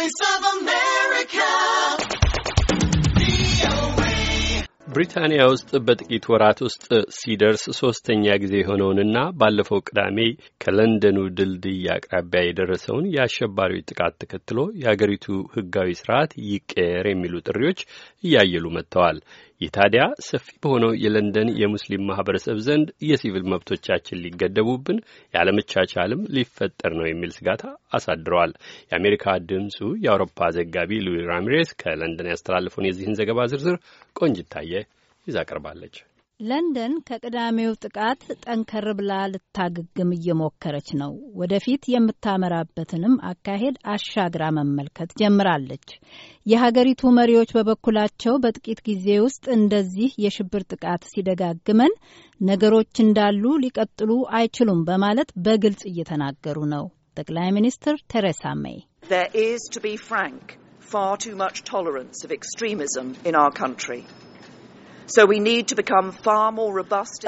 Voice of America. ብሪታንያ ውስጥ በጥቂት ወራት ውስጥ ሲደርስ ሶስተኛ ጊዜ የሆነውንና ባለፈው ቅዳሜ ከለንደኑ ድልድይ አቅራቢያ የደረሰውን የአሸባሪዎች ጥቃት ተከትሎ የአገሪቱ ሕጋዊ ስርዓት ይቀየር የሚሉ ጥሪዎች እያየሉ መጥተዋል። ይህ ታዲያ ሰፊ በሆነው የለንደን የሙስሊም ማህበረሰብ ዘንድ የሲቪል መብቶቻችን ሊገደቡብን ያለመቻቻልም ሊፈጠር ነው የሚል ስጋት አሳድረዋል። የአሜሪካ ድምጹ የአውሮፓ ዘጋቢ ሉዊ ራሚሬስ ከለንደን ያስተላለፈውን የዚህን ዘገባ ዝርዝር ቆንጅታየ ይዛ ቀርባለች። ለንደን ከቅዳሜው ጥቃት ጠንከር ብላ ልታገግም እየሞከረች ነው። ወደፊት የምታመራበትንም አካሄድ አሻግራ መመልከት ጀምራለች። የሀገሪቱ መሪዎች በበኩላቸው በጥቂት ጊዜ ውስጥ እንደዚህ የሽብር ጥቃት ሲደጋግመን ነገሮች እንዳሉ ሊቀጥሉ አይችሉም በማለት በግልጽ እየተናገሩ ነው። ጠቅላይ ሚኒስትር ቴሬሳ ሜይ There is, to be frank, far too much tolerance of extremism in our country.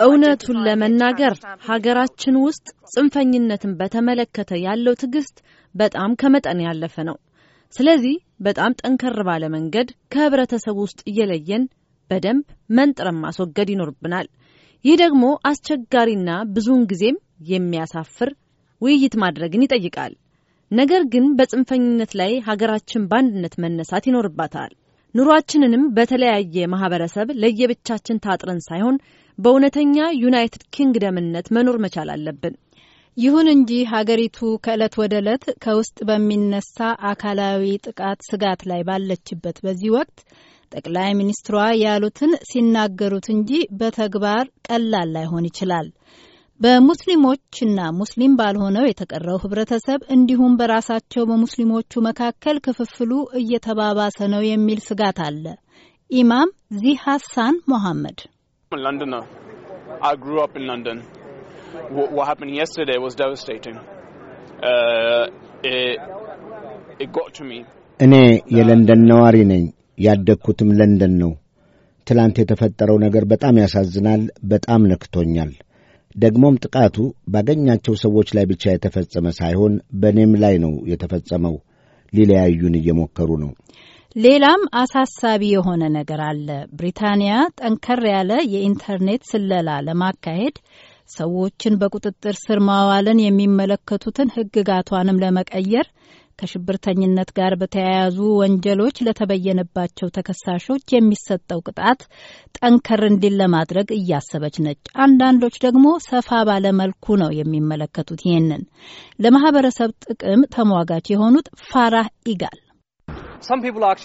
እውነቱን ለመናገር ሀገራችን ውስጥ ጽንፈኝነትን በተመለከተ ያለው ትዕግስት በጣም ከመጠን ያለፈ ነው። ስለዚህ በጣም ጠንከር ባለ መንገድ ከህብረተሰቡ ውስጥ እየለየን በደንብ መንጥረን ማስወገድ ይኖርብናል። ይህ ደግሞ አስቸጋሪና ብዙውን ጊዜም የሚያሳፍር ውይይት ማድረግን ይጠይቃል። ነገር ግን በጽንፈኝነት ላይ ሀገራችን በአንድነት መነሳት ይኖርባታል። ኑሯችንንም በተለያየ ማህበረሰብ ለየብቻችን ታጥረን ሳይሆን በእውነተኛ ዩናይትድ ኪንግደምነት መኖር መቻል አለብን። ይሁን እንጂ ሀገሪቱ ከዕለት ወደ ዕለት ከውስጥ በሚነሳ አካላዊ ጥቃት ስጋት ላይ ባለችበት በዚህ ወቅት ጠቅላይ ሚኒስትሯ ያሉትን ሲናገሩት እንጂ በተግባር ቀላል ላይሆን ይችላል። በሙስሊሞችና ሙስሊም ባልሆነው የተቀረው ህብረተሰብ እንዲሁም በራሳቸው በሙስሊሞቹ መካከል ክፍፍሉ እየተባባሰ ነው የሚል ስጋት አለ። ኢማም ዚ ሀሳን ሞሐመድ እኔ የለንደን ነዋሪ ነኝ። ያደግኩትም ለንደን ነው። ትላንት የተፈጠረው ነገር በጣም ያሳዝናል። በጣም ነክቶኛል። ደግሞም ጥቃቱ ባገኛቸው ሰዎች ላይ ብቻ የተፈጸመ ሳይሆን በእኔም ላይ ነው የተፈጸመው። ሊለያዩን እየሞከሩ ነው። ሌላም አሳሳቢ የሆነ ነገር አለ። ብሪታንያ ጠንከር ያለ የኢንተርኔት ስለላ ለማካሄድ ሰዎችን በቁጥጥር ስር ማዋልን የሚመለከቱትን ሕግጋቷንም ለመቀየር ከሽብርተኝነት ጋር በተያያዙ ወንጀሎች ለተበየነባቸው ተከሳሾች የሚሰጠው ቅጣት ጠንከር እንዲል ለማድረግ እያሰበች ነች። አንዳንዶች ደግሞ ሰፋ ባለ መልኩ ነው የሚመለከቱት። ይህንን ለማህበረሰብ ጥቅም ተሟጋች የሆኑት ፋራህ ኢጋል uh,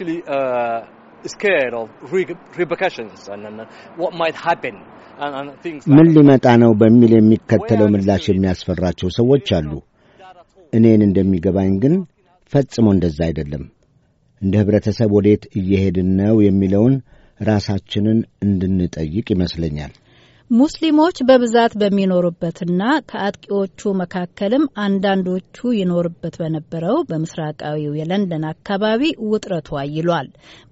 uh, ምን ሊመጣ ነው በሚል የሚከተለው ምላሽ የሚያስፈራቸው ሰዎች አሉ። እኔን እንደሚገባኝ ግን ፈጽሞ እንደዛ አይደለም። እንደ ኅብረተሰብ ወዴት እየሄድን ነው የሚለውን ራሳችንን እንድንጠይቅ ይመስለኛል። ሙስሊሞች በብዛት በሚኖሩበትና ከአጥቂዎቹ መካከልም አንዳንዶቹ ይኖሩበት በነበረው በምስራቃዊው የለንደን አካባቢ ውጥረቱ አይሏል።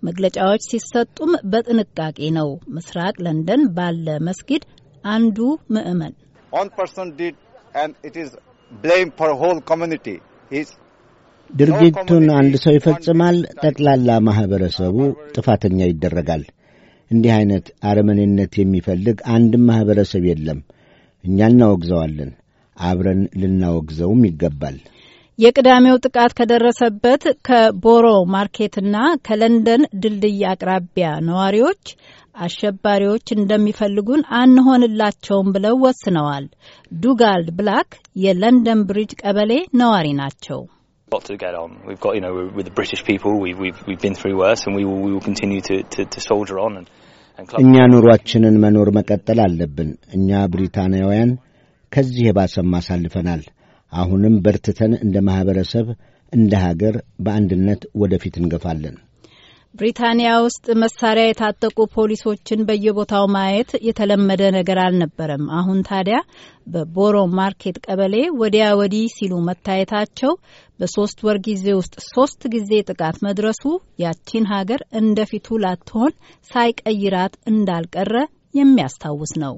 መግለጫዎች ሲሰጡም በጥንቃቄ ነው። ምስራቅ ለንደን ባለ መስጊድ አንዱ ምዕመን ድርጊቱን አንድ ሰው ይፈጽማል፣ ጠቅላላ ማኅበረሰቡ ጥፋተኛ ይደረጋል። እንዲህ ዐይነት አረመኔነት የሚፈልግ አንድም ማኅበረሰብ የለም። እኛ እናወግዘዋለን፣ አብረን ልናወግዘውም ይገባል። የቅዳሜው ጥቃት ከደረሰበት ከቦሮ ማርኬትና ከለንደን ድልድይ አቅራቢያ ነዋሪዎች አሸባሪዎች እንደሚፈልጉን አንሆንላቸውም ብለው ወስነዋል። ዱጋልድ ብላክ የለንደን ብሪጅ ቀበሌ ነዋሪ ናቸው። got to get on. We've got, you know, we're, we're the British people, We, we've, we've been through worse and we will, we will continue to, to, to soldier on. And, and እኛ ኑሯችንን መኖር መቀጠል አለብን። እኛ ብሪታንያውያን ከዚህ የባሰም አሳልፈናል። አሁንም በርትተን እንደ ማኅበረሰብ፣ እንደ ሀገር በአንድነት ወደፊት እንገፋለን። ብሪታንያ ውስጥ መሳሪያ የታጠቁ ፖሊሶችን በየቦታው ማየት የተለመደ ነገር አልነበረም። አሁን ታዲያ በቦሮ ማርኬት ቀበሌ ወዲያ ወዲህ ሲሉ መታየታቸው በሶስት ወር ጊዜ ውስጥ ሶስት ጊዜ ጥቃት መድረሱ ያቺን ሀገር እንደፊቱ ላትሆን ሳይቀይራት እንዳልቀረ የሚያስታውስ ነው።